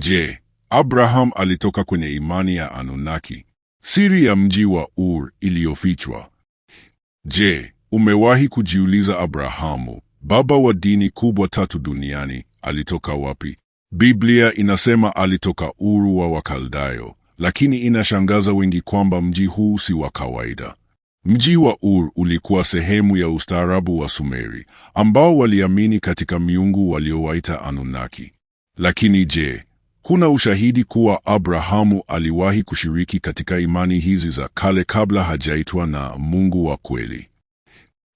Je, Abraham alitoka kwenye imani ya Anunnaki, siri ya mji wa Ur iliyofichwa? Je, umewahi kujiuliza Abrahamu, baba wa dini kubwa tatu duniani, alitoka wapi? Biblia inasema alitoka ur wa Wakaldayo, lakini inashangaza wengi kwamba mji huu si wa kawaida. Mji wa Ur ulikuwa sehemu ya ustaarabu wa Sumeri ambao waliamini katika miungu waliowaita Anunnaki. Lakini je, kuna ushahidi kuwa Abrahamu aliwahi kushiriki katika imani hizi za kale kabla hajaitwa na Mungu wa kweli.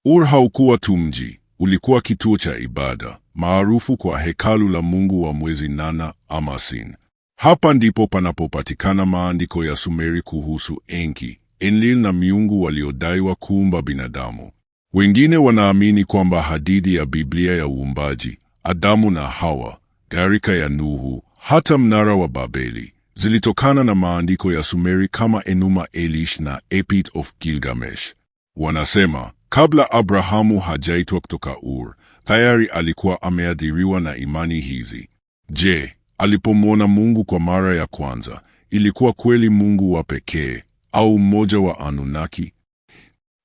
Ur haukuwa tu mji, ulikuwa kituo cha ibada maarufu kwa hekalu la mungu wa mwezi Nana ama Sin. Hapa ndipo panapopatikana maandiko ya Sumeri kuhusu Enki, Enlil na miungu waliodaiwa kuumba binadamu. Wengine wanaamini kwamba hadithi ya Biblia ya uumbaji, Adamu na Hawa, gharika ya Nuhu hata mnara wa Babeli zilitokana na maandiko ya Sumeri kama Enuma Elish na epit of Gilgamesh. Wanasema kabla Abrahamu hajaitwa kutoka Ur, tayari alikuwa ameadhiriwa na imani hizi. Je, alipomwona Mungu kwa mara ya kwanza, ilikuwa kweli Mungu wa pekee au mmoja wa Anunnaki?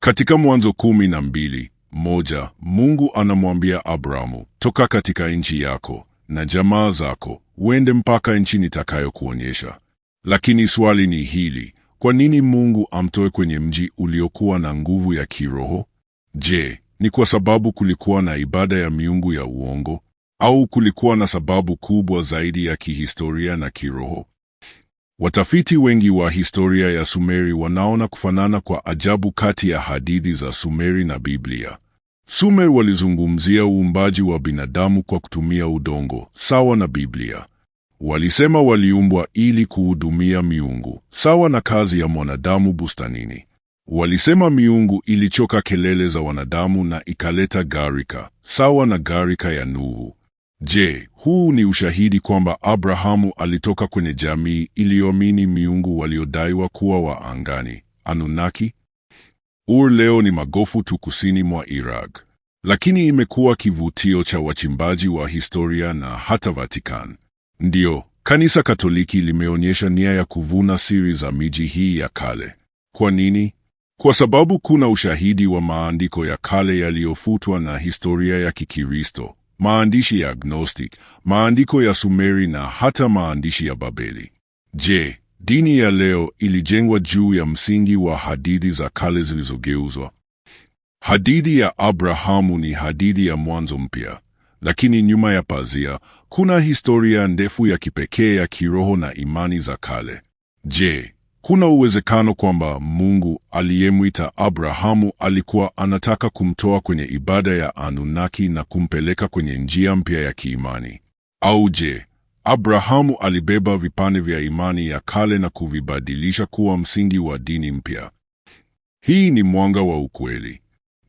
Katika Mwanzo kumi na mbili moja Mungu anamwambia Abrahamu, toka katika nchi yako na jamaa zako uende mpaka nchi nitakayokuonyesha. Lakini swali ni hili, kwa nini Mungu amtoe kwenye mji uliokuwa na nguvu ya kiroho? Je, ni kwa sababu kulikuwa na ibada ya miungu ya uongo au kulikuwa na sababu kubwa zaidi ya kihistoria na kiroho? Watafiti wengi wa historia ya Sumeri wanaona kufanana kwa ajabu kati ya hadithi za Sumeri na Biblia. Sumer walizungumzia uumbaji wa binadamu kwa kutumia udongo, sawa na Biblia. Walisema waliumbwa ili kuhudumia miungu, sawa na kazi ya mwanadamu bustanini. Walisema miungu ilichoka kelele za wanadamu na ikaleta gharika, sawa na gharika ya Nuhu. Je, huu ni ushahidi kwamba Abrahamu alitoka kwenye jamii iliyoamini miungu waliodaiwa kuwa wa angani, Anunnaki? Ur leo ni magofu tu kusini mwa Iraq, lakini imekuwa kivutio cha wachimbaji wa historia na hata Vatican. Ndiyo, kanisa Katoliki limeonyesha nia ya kuvuna siri za miji hii ya kale. Kwa nini? Kwa sababu kuna ushahidi wa maandiko ya kale yaliyofutwa na historia ya Kikristo, maandishi ya Gnostic, maandiko ya Sumeri na hata maandishi ya Babeli. Je, Dini ya leo ilijengwa juu ya msingi wa hadithi za kale zilizogeuzwa. Hadithi ya Abrahamu ni hadithi ya mwanzo mpya, lakini nyuma ya pazia kuna historia ndefu ya kipekee ya kiroho na imani za kale. Je, kuna uwezekano kwamba Mungu aliyemwita Abrahamu alikuwa anataka kumtoa kwenye ibada ya Anunnaki na kumpeleka kwenye njia mpya ya kiimani? Au je, Abrahamu alibeba vipande vya imani ya kale na kuvibadilisha kuwa msingi wa dini mpya. Hii ni Mwanga wa Ukweli.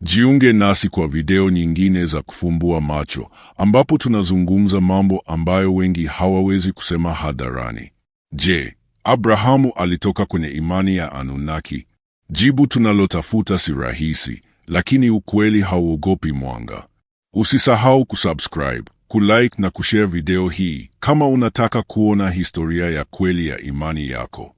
Jiunge nasi kwa video nyingine za kufumbua macho ambapo tunazungumza mambo ambayo wengi hawawezi kusema hadharani. Je, Abrahamu alitoka kwenye imani ya Anunnaki? Jibu tunalotafuta si rahisi, lakini ukweli hauogopi mwanga. Usisahau kusubscribe kulike na kushare video hii kama unataka kuona historia ya kweli ya imani yako.